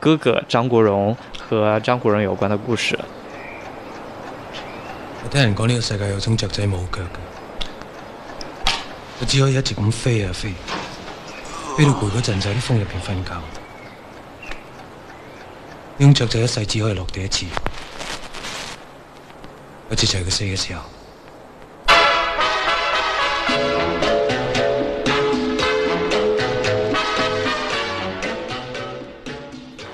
哥哥張國榮和張國榮有關的故事。我聽人講呢個世界有種雀仔冇腳嘅，我只可以一直咁飛啊飛，飛到攰嗰陣就喺啲風入邊瞓覺。呢種雀仔一世只可以落地一次，一次就係佢死嘅時候。